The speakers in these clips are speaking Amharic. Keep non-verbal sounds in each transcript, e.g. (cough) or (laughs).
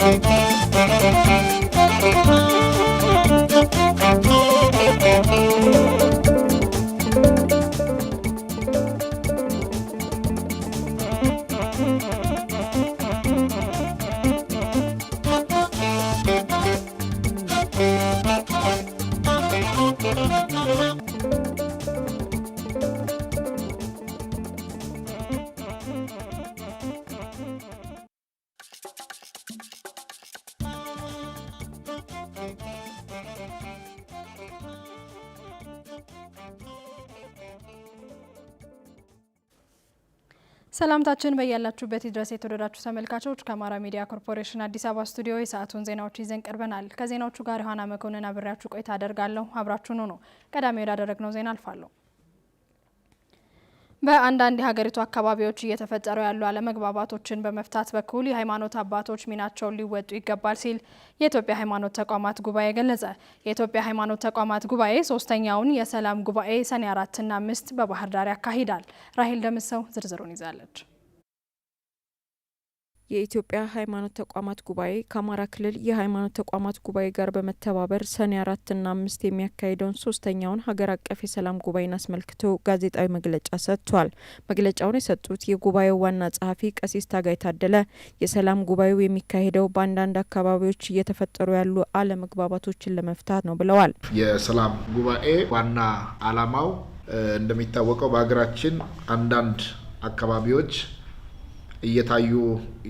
Thank you. ሰላምታችን በያላችሁበት ድረስ የተወደዳችሁ ተመልካቾች። ከአማራ ሚዲያ ኮርፖሬሽን አዲስ አበባ ስቱዲዮ የሰዓቱን ዜናዎች ይዘን ቀርበናል። ከዜናዎቹ ጋር ዮሐና መኮንን አብሬያችሁ ቆይታ አደርጋለሁ። አብራችሁን ሆኖ ቀዳሚ ወዳደረግነው ዜና አልፋለሁ። በአንዳንድ የሀገሪቱ አካባቢዎች እየተፈጠሩ ያሉ አለመግባባቶችን በመፍታት በኩል የሃይማኖት አባቶች ሚናቸውን ሊወጡ ይገባል ሲል የኢትዮጵያ ሃይማኖት ተቋማት ጉባኤ ገለጸ። የኢትዮጵያ ሃይማኖት ተቋማት ጉባኤ ሶስተኛውን የሰላም ጉባኤ ሰኔ አራትና አምስት በባህር ዳር ያካሂዳል። ራሄል ደምሰው ዝርዝሩን ይዛለች። የኢትዮጵያ ሃይማኖት ተቋማት ጉባኤ ከአማራ ክልል የሃይማኖት ተቋማት ጉባኤ ጋር በመተባበር ሰኔ አራትና አምስት የሚያካሂደውን ሶስተኛውን ሀገር አቀፍ የሰላም ጉባኤን አስመልክቶ ጋዜጣዊ መግለጫ ሰጥቷል። መግለጫውን የሰጡት የጉባኤው ዋና ጸሐፊ ቀሲስ ታጋይ ታደለ የሰላም ጉባኤው የሚካሄደው በአንዳንድ አካባቢዎች እየተፈጠሩ ያሉ አለመግባባቶችን ለመፍታት ነው ብለዋል። የሰላም ጉባኤ ዋና ዓላማው እንደሚታወቀው በሀገራችን አንዳንድ አካባቢዎች እየታዩ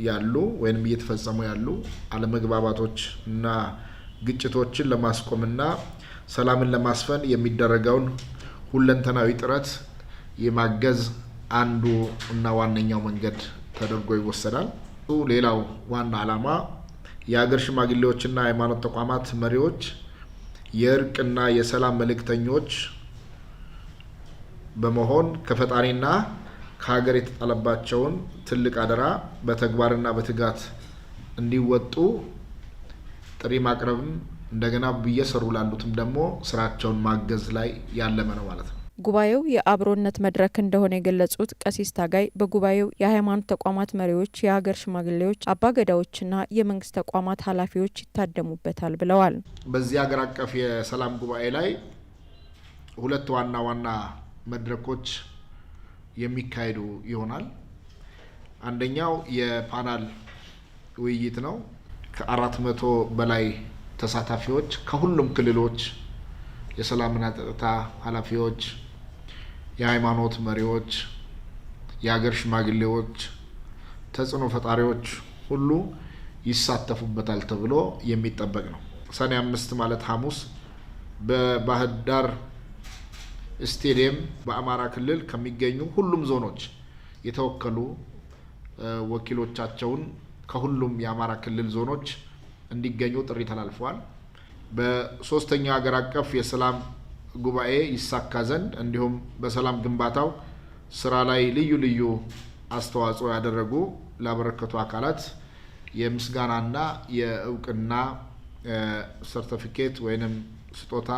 ያሉ ወይም እየተፈጸሙ ያሉ አለመግባባቶች እና ግጭቶችን ለማስቆምና ሰላምን ለማስፈን የሚደረገውን ሁለንተናዊ ጥረት የማገዝ አንዱ እና ዋነኛው መንገድ ተደርጎ ይወሰዳል። ሌላው ዋና ዓላማ የሀገር ሽማግሌዎችና ሃይማኖት ተቋማት መሪዎች የእርቅና የሰላም መልእክተኞች በመሆን ከፈጣሪና ከሀገር የተጣለባቸውን ትልቅ አደራ በተግባርና በትጋት እንዲወጡ ጥሪ ማቅረብም እንደገና እየሰሩ ላሉትም ደግሞ ስራቸውን ማገዝ ላይ ያለመ ነው ማለት ነው። ጉባኤው የአብሮነት መድረክ እንደሆነ የገለጹት ቀሲስ ታጋይ በጉባኤው የሃይማኖት ተቋማት መሪዎች፣ የሀገር ሽማግሌዎች፣ አባገዳዎችና የመንግስት ተቋማት ኃላፊዎች ይታደሙበታል ብለዋል። በዚህ ሀገር አቀፍ የሰላም ጉባኤ ላይ ሁለት ዋና ዋና መድረኮች የሚካሄዱ ይሆናል። አንደኛው የፓናል ውይይት ነው። ከአራት መቶ በላይ ተሳታፊዎች ከሁሉም ክልሎች የሰላምና ጸጥታ ኃላፊዎች፣ የሃይማኖት መሪዎች፣ የሀገር ሽማግሌዎች፣ ተጽዕኖ ፈጣሪዎች ሁሉ ይሳተፉበታል ተብሎ የሚጠበቅ ነው። ሰኔ አምስት ማለት ሐሙስ በባህር ዳር ስቴዲየም በአማራ ክልል ከሚገኙ ሁሉም ዞኖች የተወከሉ ወኪሎቻቸውን ከሁሉም የአማራ ክልል ዞኖች እንዲገኙ ጥሪ ተላልፈዋል። በሶስተኛው ሀገር አቀፍ የሰላም ጉባኤ ይሳካ ዘንድ እንዲሁም በሰላም ግንባታው ስራ ላይ ልዩ ልዩ አስተዋጽኦ ያደረጉ ላበረከቱ አካላት የምስጋናና የእውቅና ሰርተፊኬት ወይንም ስጦታ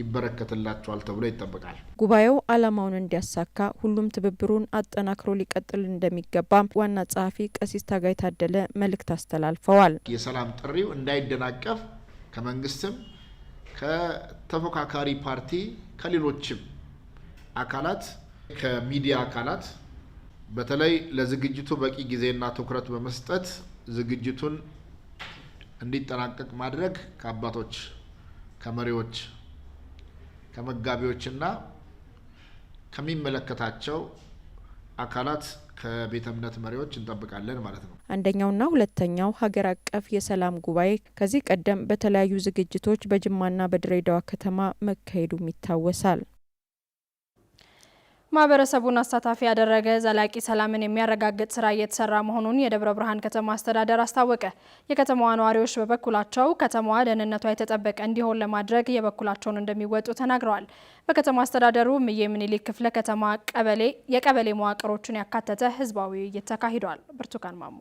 ይበረከትላቸዋል ተብሎ ይጠበቃል። ጉባኤው ዓላማውን እንዲያሳካ ሁሉም ትብብሩን አጠናክሮ ሊቀጥል እንደሚገባም ዋና ጸሐፊ ቀሲስ ታጋይ ታደለ መልእክት አስተላልፈዋል። የሰላም ጥሪው እንዳይደናቀፍ ከመንግስትም ከተፎካካሪ ፓርቲ ከሌሎችም አካላት ከሚዲያ አካላት በተለይ ለዝግጅቱ በቂ ጊዜና ትኩረት በመስጠት ዝግጅቱን እንዲጠናቀቅ ማድረግ ከአባቶች ከመሪዎች ከመጋቢዎችና ከሚመለከታቸው አካላት ከቤተ እምነት መሪዎች እንጠብቃለን ማለት ነው። አንደኛውና ሁለተኛው ሀገር አቀፍ የሰላም ጉባኤ ከዚህ ቀደም በተለያዩ ዝግጅቶች በጅማና በድሬዳዋ ከተማ መካሄዱም ይታወሳል። ማህበረሰቡን አሳታፊ ያደረገ ዘላቂ ሰላምን የሚያረጋግጥ ስራ እየተሰራ መሆኑን የደብረ ብርሃን ከተማ አስተዳደር አስታወቀ። የከተማዋ ነዋሪዎች በበኩላቸው ከተማዋ ደህንነቷ የተጠበቀ እንዲሆን ለማድረግ የበኩላቸውን እንደሚወጡ ተናግረዋል። በከተማ አስተዳደሩ እምዬ ምኒልክ ክፍለ ከተማ ቀበሌ የቀበሌ መዋቅሮችን ያካተተ ህዝባዊ ውይይት ተካሂዷል። ብርቱካን ማሞ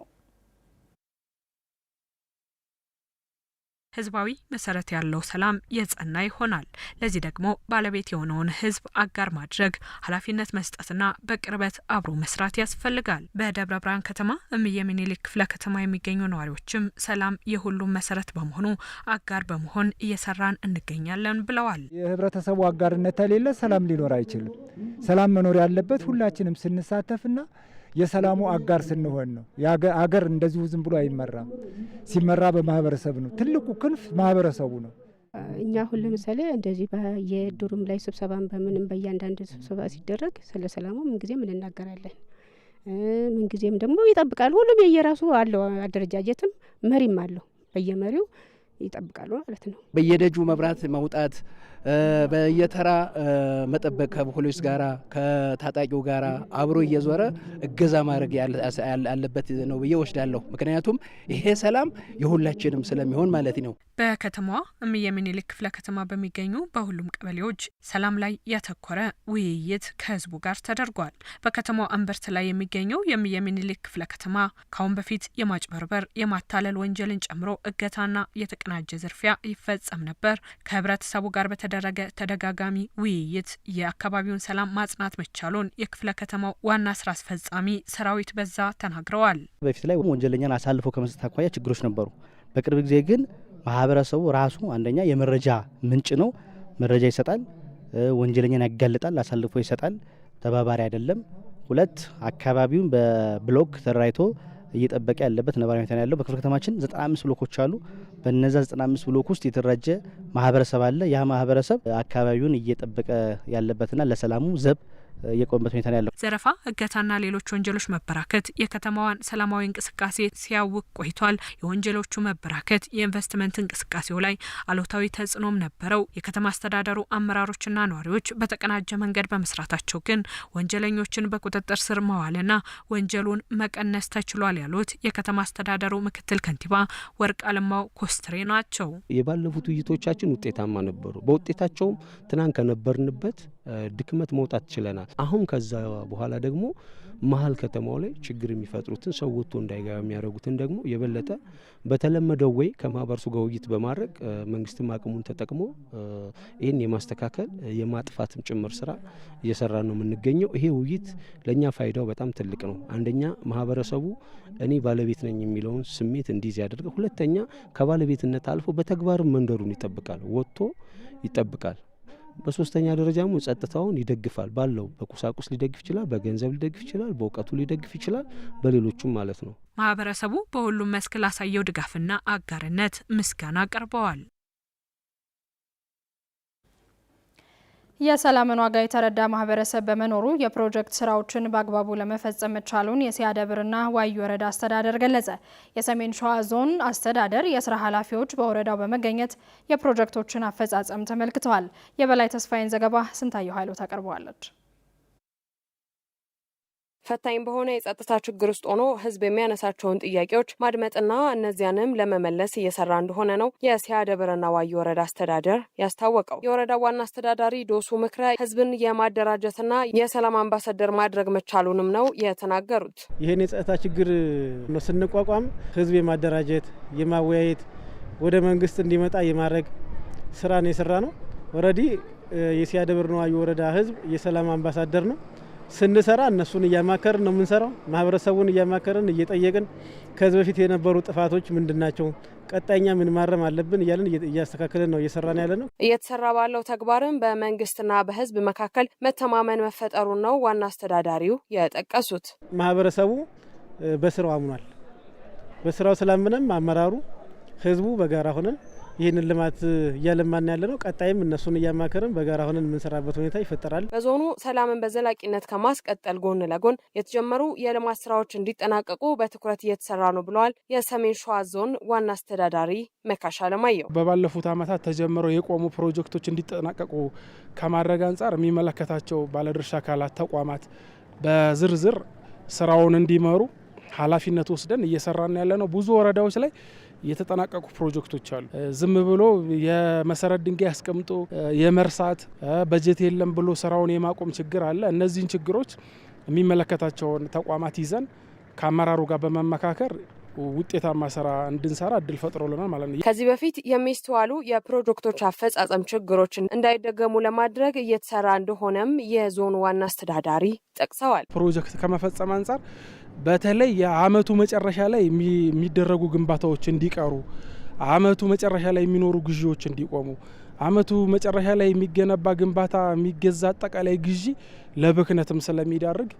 ህዝባዊ መሰረት ያለው ሰላም የጸና ይሆናል። ለዚህ ደግሞ ባለቤት የሆነውን ህዝብ አጋር ማድረግ፣ ኃላፊነት መስጠትና በቅርበት አብሮ መስራት ያስፈልጋል። በደብረ ብርሃን ከተማ እምዬ ምኒልክ ክፍለ ከተማ የሚገኙ ነዋሪዎችም ሰላም የሁሉም መሰረት በመሆኑ አጋር በመሆን እየሰራን እንገኛለን ብለዋል። የህብረተሰቡ አጋርነት ከሌለ ሰላም ሊኖር አይችልም። ሰላም መኖር ያለበት ሁላችንም ስንሳተፍና የሰላሙ አጋር ስንሆን ነው። አገር እንደዚሁ ዝም ብሎ አይመራም። ሲመራ በማህበረሰብ ነው። ትልቁ ክንፍ ማህበረሰቡ ነው። እኛ አሁን ለምሳሌ እንደዚህ በየድሩም ላይ ስብሰባን በምንም በእያንዳንድ ስብሰባ ሲደረግ ስለ ሰላሙ ምንጊዜም እንናገራለን። ምንጊዜም ደግሞ ይጠብቃል። ሁሉም የየራሱ አለው አደረጃጀትም መሪም አለው በየመሪው ይጠብቃሉ ማለት ነው። በየደጁ መብራት መውጣት፣ በየተራ መጠበቅ፣ ከፖሊስ ጋራ ከታጣቂው ጋራ አብሮ እየዞረ እገዛ ማድረግ አለበት ነው ብዬ ወስዳለሁ። ምክንያቱም ይሄ ሰላም የሁላችንም ስለሚሆን ማለት ነው። በከተማዋ እምዬ ምኒልክ ክፍለ ከተማ በሚገኙ በሁሉም ቀበሌዎች ሰላም ላይ ያተኮረ ውይይት ከህዝቡ ጋር ተደርጓል። በከተማው እምብርት ላይ የሚገኘው የእምዬ ምኒልክ ክፍለ ከተማ ካሁን በፊት የማጭበርበር የማታለል ወንጀልን ጨምሮ እገታና የተቀ የተቀናጀ ዝርፊያ ይፈጸም ነበር። ከህብረተሰቡ ጋር በተደረገ ተደጋጋሚ ውይይት የአካባቢውን ሰላም ማጽናት መቻሉን የክፍለ ከተማው ዋና ስራ አስፈጻሚ ሰራዊት በዛ ተናግረዋል። በፊት ላይ ወንጀለኛን አሳልፎ ከመስጠት አኳያ ችግሮች ነበሩ። በቅርብ ጊዜ ግን ማህበረሰቡ ራሱ አንደኛ የመረጃ ምንጭ ነው፣ መረጃ ይሰጣል፣ ወንጀለኛን ያጋልጣል፣ አሳልፎ ይሰጣል፣ ተባባሪ አይደለም። ሁለት አካባቢውን በብሎክ ተደራጅቶ እየጠበቀ ያለበት ነባራዊ ሁኔታ ያለው በክፍለ ከተማችን 95 ብሎኮች አሉ። በነዛ 95 ብሎክ ውስጥ የተደራጀ ማህበረሰብ አለ። ያ ማህበረሰብ አካባቢውን እየጠበቀ ያለበትና ለሰላሙ ዘብ የቆመበት ሁኔታ ነው ያለው። ዘረፋ፣ እገታና ሌሎች ወንጀሎች መበራከት የከተማዋን ሰላማዊ እንቅስቃሴ ሲያውቅ ቆይቷል። የወንጀሎቹ መበራከት የኢንቨስትመንት እንቅስቃሴው ላይ አሉታዊ ተጽዕኖም ነበረው። የከተማ አስተዳደሩ አመራሮችና ነዋሪዎች በተቀናጀ መንገድ በመስራታቸው ግን ወንጀለኞችን በቁጥጥር ስር መዋልና ወንጀሉን መቀነስ ተችሏል ያሉት የከተማ አስተዳደሩ ምክትል ከንቲባ ወርቅ አለማው ኮስትሬ ናቸው። የባለፉት ውይይቶቻችን ውጤታማ ነበሩ። በውጤታቸውም ትናንት ከነበርንበት ድክመት መውጣት ችለናል። አሁን ከዛ በኋላ ደግሞ መሀል ከተማው ላይ ችግር የሚፈጥሩትን ሰው ወጥቶ እንዳይገባ የሚያደርጉትን ደግሞ የበለጠ በተለመደው ወይ ከማህበረሰቡ ጋር ውይይት በማድረግ መንግስትም አቅሙን ተጠቅሞ ይህን የማስተካከል የማጥፋትም ጭምር ስራ እየሰራ ነው የምንገኘው። ይሄ ውይይት ለእኛ ፋይዳው በጣም ትልቅ ነው። አንደኛ ማህበረሰቡ እኔ ባለቤት ነኝ የሚለውን ስሜት እንዲይዝ ያደርገ፣ ሁለተኛ ከባለቤትነት አልፎ በተግባርም መንደሩን ይጠብቃል፣ ወጥቶ ይጠብቃል። በሶስተኛ ደረጃ ደግሞ ጸጥታውን ይደግፋል። ባለው በቁሳቁስ ሊደግፍ ይችላል፣ በገንዘብ ሊደግፍ ይችላል፣ በእውቀቱ ሊደግፍ ይችላል፣ በሌሎቹም ማለት ነው። ማህበረሰቡ በሁሉም መስክ ላሳየው ድጋፍና አጋርነት ምስጋና አቅርበዋል። የሰላምን ዋጋ የተረዳ ማህበረሰብ በመኖሩ የፕሮጀክት ስራዎችን በአግባቡ ለመፈጸም መቻሉን የሲያደብርና ዋዩ ወረዳ አስተዳደር ገለጸ። የሰሜን ሸዋ ዞን አስተዳደር የስራ ኃላፊዎች በወረዳው በመገኘት የፕሮጀክቶችን አፈጻጸም ተመልክተዋል። የበላይ ተስፋዬን ዘገባ ስንታየው ኃይሎት ታቀርበዋለች። ፈታኝ በሆነ የጸጥታ ችግር ውስጥ ሆኖ ህዝብ የሚያነሳቸውን ጥያቄዎች ማድመጥና እነዚያንም ለመመለስ እየሰራ እንደሆነ ነው የሲያ ደብረና ዋይ ወረዳ አስተዳደር ያስታወቀው። የወረዳ ዋና አስተዳዳሪ ዶሱ ምክረ ህዝብን የማደራጀትና የሰላም አምባሳደር ማድረግ መቻሉንም ነው የተናገሩት። ይህን የጸጥታ ችግር ስንቋቋም ህዝብ የማደራጀት የማወያየት ወደ መንግስት እንዲመጣ የማድረግ ስራ ነው የሰራ ነው። ወረዲ የሲያ ደብረና ወረዳ ህዝብ የሰላም አምባሳደር ነው። ስንሰራ እነሱን እያማከርን ነው የምንሰራው። ማህበረሰቡን እያማከርን እየጠየቅን ከዚህ በፊት የነበሩ ጥፋቶች ምንድን ናቸው፣ ቀጣኛ ምን ማረም አለብን እያለን እያስተካከልን ነው እየሰራን ያለ ነው። እየተሰራ ባለው ተግባርም በመንግስትና በህዝብ መካከል መተማመን መፈጠሩን ነው ዋና አስተዳዳሪው የጠቀሱት። ማህበረሰቡ በስራው አምኗል። በስራው ስላምነም አመራሩ፣ ህዝቡ በጋራ ሆነን ይህንን ልማት እያለማን ያለ ነው። ቀጣይም እነሱን እያማከርን በጋራ ሆነን የምንሰራበት ሁኔታ ይፈጠራል። በዞኑ ሰላምን በዘላቂነት ከማስቀጠል ጎን ለጎን የተጀመሩ የልማት ስራዎች እንዲጠናቀቁ በትኩረት እየተሰራ ነው ብለዋል የሰሜን ሸዋ ዞን ዋና አስተዳዳሪ መካሽ አለማየሁ። በባለፉት ዓመታት ተጀምረው የቆሙ ፕሮጀክቶች እንዲጠናቀቁ ከማድረግ አንጻር የሚመለከታቸው ባለድርሻ አካላት ተቋማት በዝርዝር ስራውን እንዲመሩ ኃላፊነት ወስደን እየሰራን ያለ ነው። ብዙ ወረዳዎች ላይ የተጠናቀቁ ፕሮጀክቶች አሉ። ዝም ብሎ የመሰረት ድንጋይ አስቀምጦ የመርሳት በጀት የለም ብሎ ስራውን የማቆም ችግር አለ። እነዚህን ችግሮች የሚመለከታቸውን ተቋማት ይዘን ከአመራሩ ጋር በመመካከር ውጤታማ ስራ እንድንሰራ እድል ፈጥሮልናል ማለት ነው። ከዚህ በፊት የሚስተዋሉ የፕሮጀክቶች አፈጻጸም ችግሮችን እንዳይደገሙ ለማድረግ እየተሰራ እንደሆነም የዞኑ ዋና አስተዳዳሪ ጠቅሰዋል። ፕሮጀክት ከመፈጸም አንጻር በተለይ የአመቱ መጨረሻ ላይ የሚደረጉ ግንባታዎች እንዲቀሩ፣ አመቱ መጨረሻ ላይ የሚኖሩ ግዢዎች እንዲቆሙ፣ አመቱ መጨረሻ ላይ የሚገነባ ግንባታ የሚገዛ አጠቃላይ ግዢ ለብክነትም ስለሚዳርግ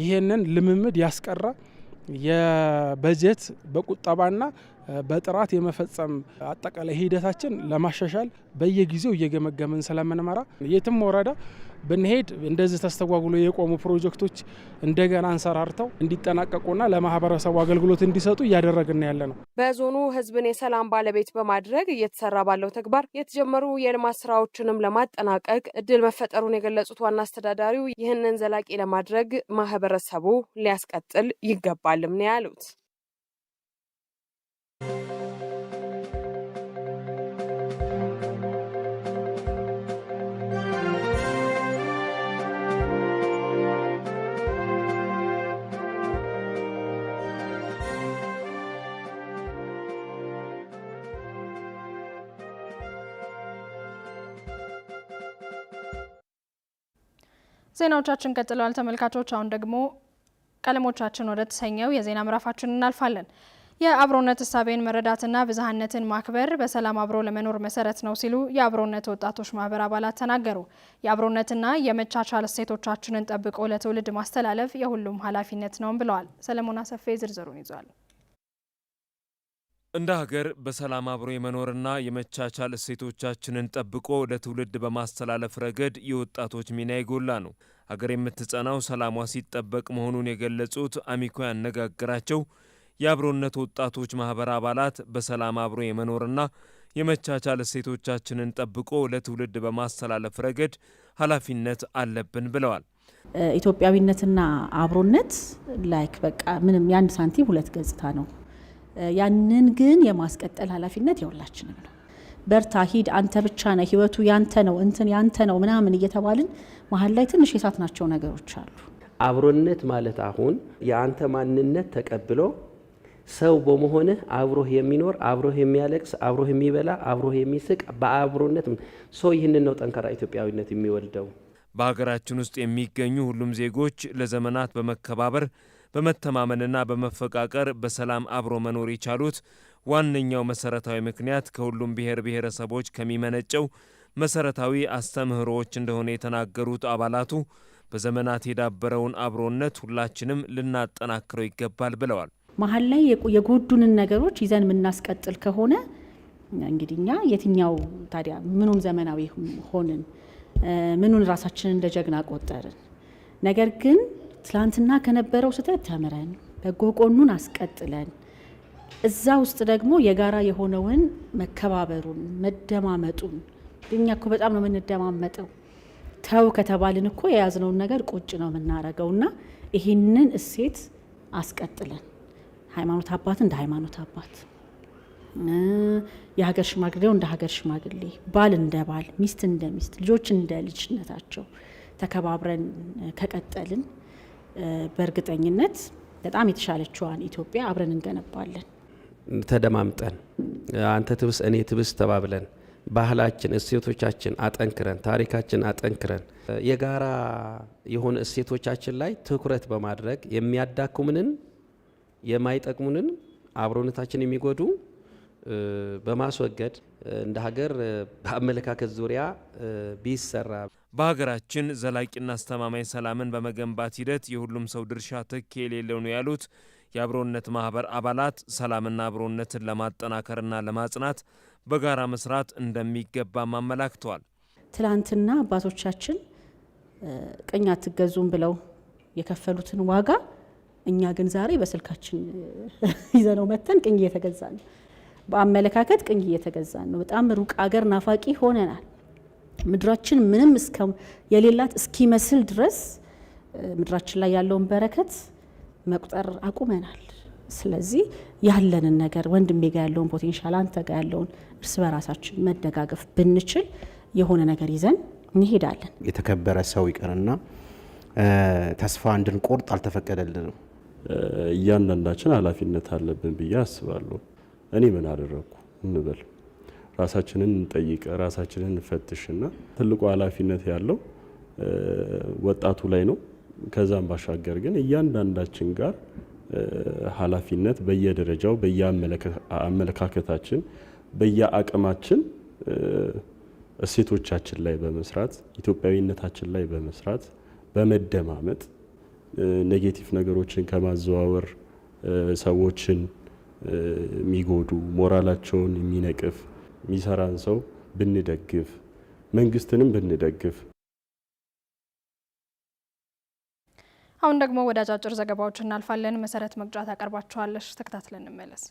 ይሄንን ልምምድ ያስቀራ የበጀት በቁጠባና በጥራት የመፈጸም አጠቃላይ ሂደታችን ለማሻሻል በየጊዜው እየገመገምን ስለምንመራ የትም ወረዳ ብንሄድ እንደዚህ ተስተጓጉሎ የቆሙ ፕሮጀክቶች እንደገና አንሰራርተው እንዲጠናቀቁና ለማህበረሰቡ አገልግሎት እንዲሰጡ እያደረግን ያለ ነው። በዞኑ ህዝብን የሰላም ባለቤት በማድረግ እየተሰራ ባለው ተግባር የተጀመሩ የልማት ስራዎችንም ለማጠናቀቅ እድል መፈጠሩን የገለጹት ዋና አስተዳዳሪው ይህንን ዘላቂ ለማድረግ ማህበረሰቡ ሊያስቀጥል ይገባልም ነው ያሉት። ዜናዎቻችን ቀጥለዋል ተመልካቾች። አሁን ደግሞ ቀለሞቻችን ወደ ተሰኘው የዜና ምዕራፋችን እናልፋለን። የአብሮነት እሳቤን መረዳትና ብዝሃነትን ማክበር በሰላም አብሮ ለመኖር መሰረት ነው ሲሉ የአብሮነት ወጣቶች ማህበር አባላት ተናገሩ። የአብሮነትና የመቻቻል እሴቶቻችንን ጠብቆ ለትውልድ ማስተላለፍ የሁሉም ኃላፊነት ነውም ብለዋል። ሰለሞን አሰፌ ዝርዝሩን ይዟል። እንደ ሀገር በሰላም አብሮ የመኖርና የመቻቻል እሴቶቻችንን ጠብቆ ለትውልድ በማስተላለፍ ረገድ የወጣቶች ሚና የጎላ ነው። ሀገር የምትጸናው ሰላሟ ሲጠበቅ መሆኑን የገለጹት አሚኮ ያነጋግራቸው የአብሮነት ወጣቶች ማህበር አባላት በሰላም አብሮ የመኖርና የመቻቻል እሴቶቻችንን ጠብቆ ለትውልድ በማስተላለፍ ረገድ ኃላፊነት አለብን ብለዋል። ኢትዮጵያዊነትና አብሮነት ላይክ በቃ ምንም የአንድ ሳንቲም ሁለት ገጽታ ነው። ያንን ግን የማስቀጠል ኃላፊነት የሁላችንም ነው። በርታ፣ ሂድ፣ አንተ ብቻ ነህ፣ ህይወቱ ያንተ ነው፣ እንትን ያንተ ነው ምናምን እየተባልን መሀል ላይ ትንሽ የሳት ናቸው ነገሮች አሉ። አብሮነት ማለት አሁን የአንተ ማንነት ተቀብሎ ሰው በመሆንህ አብሮህ የሚኖር አብሮህ የሚያለቅስ አብሮህ የሚበላ አብሮህ የሚስቅ በአብሮነት ሰው ይህንን ነው ጠንካራ ኢትዮጵያዊነት የሚወልደው። በሀገራችን ውስጥ የሚገኙ ሁሉም ዜጎች ለዘመናት በመከባበር በመተማመንና በመፈቃቀር በሰላም አብሮ መኖር የቻሉት ዋነኛው መሰረታዊ ምክንያት ከሁሉም ብሔር ብሔረሰቦች ከሚመነጨው መሰረታዊ አስተምህሮዎች እንደሆነ የተናገሩት አባላቱ በዘመናት የዳበረውን አብሮነት ሁላችንም ልናጠናክረው ይገባል ብለዋል። መሀል ላይ የጎዱንን ነገሮች ይዘን የምናስቀጥል ከሆነ እንግዲህ እኛ የትኛው ታዲያ ምኑን ዘመናዊ ሆንን? ምኑን ራሳችንን እንደ ጀግና ቆጠርን? ነገር ግን ትላንትና ከነበረው ስህተት ተምረን በጎ ጎኑን አስቀጥለን እዛ ውስጥ ደግሞ የጋራ የሆነውን መከባበሩን መደማመጡን እኛ እኮ በጣም ነው የምንደማመጠው። ተው ከተባልን እኮ የያዝነውን ነገር ቁጭ ነው የምናረገው እና ይህንን እሴት አስቀጥለን ሃይማኖት አባት እንደ ሃይማኖት አባት የሀገር ሽማግሌው እንደ ሀገር ሽማግሌ፣ ባል እንደ ባል፣ ሚስት እንደ ሚስት፣ ልጆች እንደ ልጅነታቸው ተከባብረን ከቀጠልን በእርግጠኝነት በጣም የተሻለችዋን ኢትዮጵያ አብረን እንገነባለን። ተደማምጠን አንተ ትብስ እኔ ትብስ ተባብለን ባህላችን፣ እሴቶቻችን አጠንክረን ታሪካችን አጠንክረን የጋራ የሆነ እሴቶቻችን ላይ ትኩረት በማድረግ የሚያዳክሙንን የማይጠቅሙንን አብሮነታችን የሚጎዱ በማስወገድ እንደ ሀገር በአመለካከት ዙሪያ ቢሰራ በሀገራችን ዘላቂና አስተማማኝ ሰላምን በመገንባት ሂደት የሁሉም ሰው ድርሻ ትክ የሌለው ነው ያሉት የአብሮነት ማህበር አባላት ሰላምና አብሮነትን ለማጠናከርና ለማጽናት በጋራ መስራት እንደሚገባም አመላክተዋል። ትላንትና አባቶቻችን ቀኝ አትገዙም ብለው የከፈሉትን ዋጋ እኛ ግን ዛሬ በስልካችን (laughs) ይዘነው መተን ቅኝ እየተገዛ ነው። በአመለካከት ቅኝ እየተገዛን ነው። በጣም ሩቅ አገር ናፋቂ ሆነናል። ምድራችን ምንም እስከ የሌላት እስኪመስል ድረስ ምድራችን ላይ ያለውን በረከት መቁጠር አቁመናል። ስለዚህ ያለንን ነገር ወንድሜ ጋ ያለውን ፖቴንሻል፣ አንተ ጋ ያለውን እርስ በራሳችን መደጋገፍ ብንችል የሆነ ነገር ይዘን እንሄዳለን። የተከበረ ሰው ይቅርና ተስፋ እንድንቆርጥ አልተፈቀደልንም። እያንዳንዳችን ኃላፊነት አለብን ብዬ አስባለሁ። እኔ ምን አደረግኩ እንበል። ራሳችንን እንጠይቅ፣ ራሳችንን እንፈትሽና ትልቁ ኃላፊነት ያለው ወጣቱ ላይ ነው። ከዛም ባሻገር ግን እያንዳንዳችን ጋር ኃላፊነት በየደረጃው በየአመለካከታችን በየአቅማችን እሴቶቻችን ላይ በመስራት ኢትዮጵያዊነታችን ላይ በመስራት በመደማመጥ ኔጌቲቭ ነገሮችን ከማዘዋወር ሰዎችን የሚጎዱ ሞራላቸውን የሚነቅፍ የሚሰራን ሰው ብንደግፍ መንግስትንም ብንደግፍ። አሁን ደግሞ ወደ አጫጭር ዘገባዎች እናልፋለን። መሰረት መግጫት አቀርባቸዋለች ተከታትለን እንመለስ።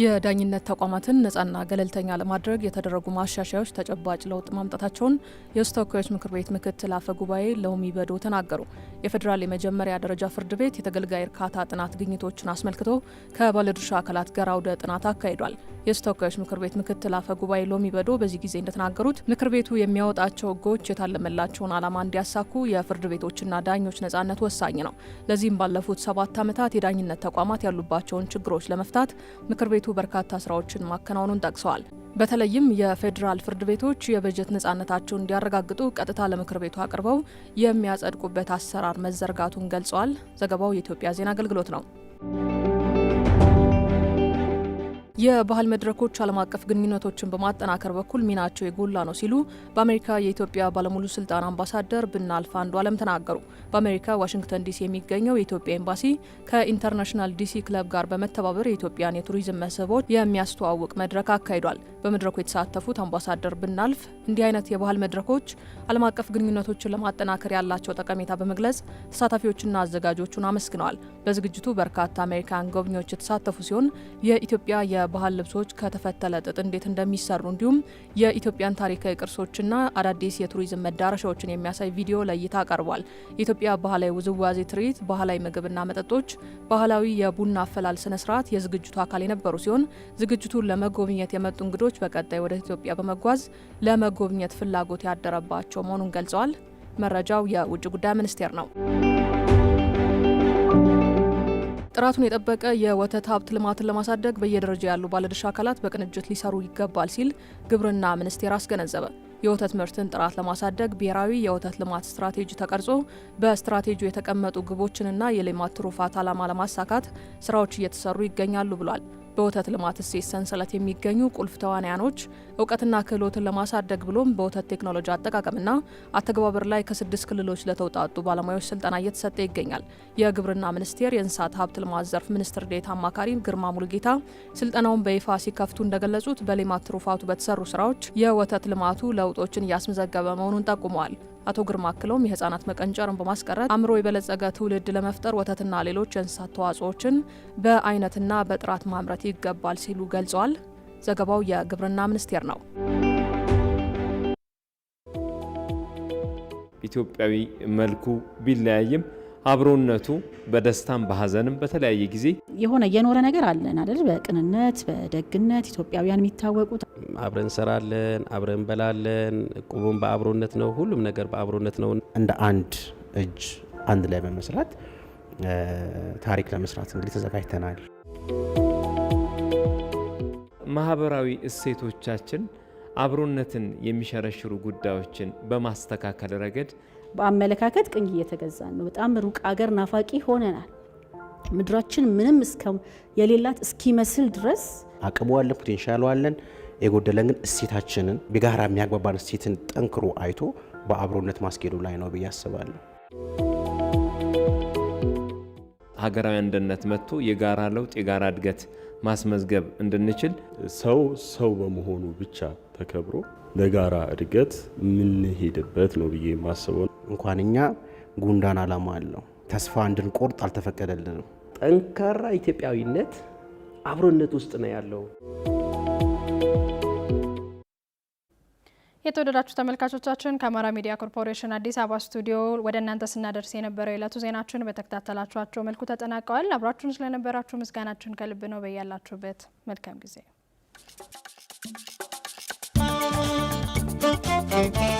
የዳኝነት ተቋማትን ነጻና ገለልተኛ ለማድረግ የተደረጉ ማሻሻያዎች ተጨባጭ ለውጥ ማምጣታቸውን የውስጥ ተወካዮች ምክር ቤት ምክትል አፈ ጉባኤ ሎሚ በዶ ተናገሩ። የፌዴራል የመጀመሪያ ደረጃ ፍርድ ቤት የተገልጋይ እርካታ ጥናት ግኝቶችን አስመልክቶ ከባለድርሻ አካላት ጋር አውደ ጥናት አካሂዷል። የውስጥ ተወካዮች ምክር ቤት ምክትል አፈ ጉባኤ ሎሚ በዶ በዚህ ጊዜ እንደተናገሩት ምክር ቤቱ የሚያወጣቸው ህጎች የታለመላቸውን ዓላማ እንዲያሳኩ የፍርድ ቤቶችና ዳኞች ነጻነት ወሳኝ ነው። ለዚህም ባለፉት ሰባት ዓመታት የዳኝነት ተቋማት ያሉባቸውን ችግሮች ለመፍታት ምክር ቤቱ ቤቱ በርካታ ስራዎችን ማከናወኑን ጠቅሰዋል። በተለይም የፌዴራል ፍርድ ቤቶች የበጀት ነጻነታቸውን እንዲያረጋግጡ ቀጥታ ለምክር ቤቱ አቅርበው የሚያጸድቁበት አሰራር መዘርጋቱን ገልጸዋል። ዘገባው የኢትዮጵያ ዜና አገልግሎት ነው። የባህል መድረኮች ዓለም አቀፍ ግንኙነቶችን በማጠናከር በኩል ሚናቸው የጎላ ነው ሲሉ በአሜሪካ የኢትዮጵያ ባለሙሉ ስልጣን አምባሳደር ብናልፍ አንዱ አለም ተናገሩ። በአሜሪካ ዋሽንግተን ዲሲ የሚገኘው የኢትዮጵያ ኤምባሲ ከኢንተርናሽናል ዲሲ ክለብ ጋር በመተባበር የኢትዮጵያን የቱሪዝም መስህቦች የሚያስተዋውቅ መድረክ አካሂዷል። በመድረኩ የተሳተፉት አምባሳደር ብናልፍ እንዲህ አይነት የባህል መድረኮች ዓለም አቀፍ ግንኙነቶችን ለማጠናከር ያላቸው ጠቀሜታ በመግለጽ ተሳታፊዎችና አዘጋጆቹን አመስግነዋል። በዝግጅቱ በርካታ አሜሪካን ጎብኚዎች የተሳተፉ ሲሆን የኢትዮጵያ የባህል ልብሶች ከተፈተለ ጥጥ እንዴት እንደሚሰሩ እንዲሁም የኢትዮጵያን ታሪካዊ ቅርሶችና አዳዲስ የቱሪዝም መዳረሻዎችን የሚያሳይ ቪዲዮ ለእይታ ቀርቧል። የኢትዮጵያ ባህላዊ ውዝዋዜ ትርኢት፣ ባህላዊ ምግብና መጠጦች፣ ባህላዊ የቡና አፈላል ስነስርዓት የዝግጅቱ አካል የነበሩ ሲሆን ዝግጅቱን ለመጎብኘት የመጡ እንግዶች በቀጣይ ወደ ኢትዮጵያ በመጓዝ ለመጎብኘት ፍላጎት ያደረባቸው ያላቸው መሆኑን ገልጸዋል። መረጃው የውጭ ጉዳይ ሚኒስቴር ነው። ጥራቱን የጠበቀ የወተት ሀብት ልማትን ለማሳደግ በየደረጃ ያሉ ባለድርሻ አካላት በቅንጅት ሊሰሩ ይገባል ሲል ግብርና ሚኒስቴር አስገነዘበ። የወተት ምርትን ጥራት ለማሳደግ ብሔራዊ የወተት ልማት ስትራቴጂ ተቀርጾ በስትራቴጂው የተቀመጡ ግቦችንና የልማት ትሩፋት ዓላማ ለማሳካት ስራዎች እየተሰሩ ይገኛሉ ብሏል። በወተት ልማት እሴት ሰንሰለት የሚገኙ ቁልፍ ተዋንያኖች እውቀትና ክህሎትን ለማሳደግ ብሎም በወተት ቴክኖሎጂ አጠቃቀምና አተገባበር ላይ ከስድስት ክልሎች ለተውጣጡ ባለሙያዎች ስልጠና እየተሰጠ ይገኛል። የግብርና ሚኒስቴር የእንስሳት ሀብት ልማት ዘርፍ ሚኒስትር ዴታ አማካሪ ግርማ ሙልጌታ ስልጠናውን በይፋ ሲከፍቱ እንደገለጹት በሌማት ትሩፋቱ በተሰሩ ስራዎች የወተት ልማቱ ለውጦችን እያስመዘገበ መሆኑን ጠቁመዋል። አቶ ግርማ አክለውም የህጻናት መቀንጨርን በማስቀረት አእምሮ የበለጸገ ትውልድ ለመፍጠር ወተትና ሌሎች የእንስሳት ተዋጽኦችን በአይነትና በጥራት ማምረት ይገባል ሲሉ ገልጸዋል። ዘገባው የግብርና ሚኒስቴር ነው። ኢትዮጵያዊ መልኩ ቢለያይም አብሮነቱ በደስታም በሀዘንም በተለያየ ጊዜ የሆነ የኖረ ነገር አለን አይደል? በቅንነት በደግነት ኢትዮጵያውያን የሚታወቁት አብረን እንሰራለን፣ አብረን እንበላለን። ቁቡን በአብሮነት ነው። ሁሉም ነገር በአብሮነት ነው። እንደ አንድ እጅ አንድ ላይ በመስራት ታሪክ ለመስራት እንግዲህ ተዘጋጅተናል። ማህበራዊ እሴቶቻችን አብሮነትን የሚሸረሽሩ ጉዳዮችን በማስተካከል ረገድ በአመለካከት ቅኝ እየተገዛን ነው። በጣም ሩቅ አገር ናፋቂ ሆነናል። ምድራችን ምንም የሌላት እስኪመስል ድረስ አቅሙ አለን፣ ፖቴንሻሉ አለን። የጎደለን ግን እሴታችንን በጋራ የሚያግባባን እሴትን ጠንክሮ አይቶ በአብሮነት ማስኬዱ ላይ ነው ብዬ አስባለሁ። ሀገራዊ አንድነት መጥቶ የጋራ ለውጥ የጋራ እድገት ማስመዝገብ እንድንችል ሰው ሰው በመሆኑ ብቻ ተከብሮ ለጋራ እድገት የምንሄድበት ነው ብዬ የማስበው። እንኳን እኛ ጉንዳን ዓላማ አለው ተስፋ እንድንቆርጥ አልተፈቀደልንም። ጠንካራ ኢትዮጵያዊነት አብሮነት ውስጥ ነው ያለው። የተወደዳችሁ ተመልካቾቻችን ከአማራ ሚዲያ ኮርፖሬሽን አዲስ አበባ ስቱዲዮ ወደ እናንተ ስናደርስ የነበረው የዕለቱ ዜናችን በተከታተላችኋቸው መልኩ ተጠናቀዋል። አብራችሁን ስለነበራችሁ ምስጋናችን ከልብ ነው። በያላችሁበት መልካም ጊዜ Thank you.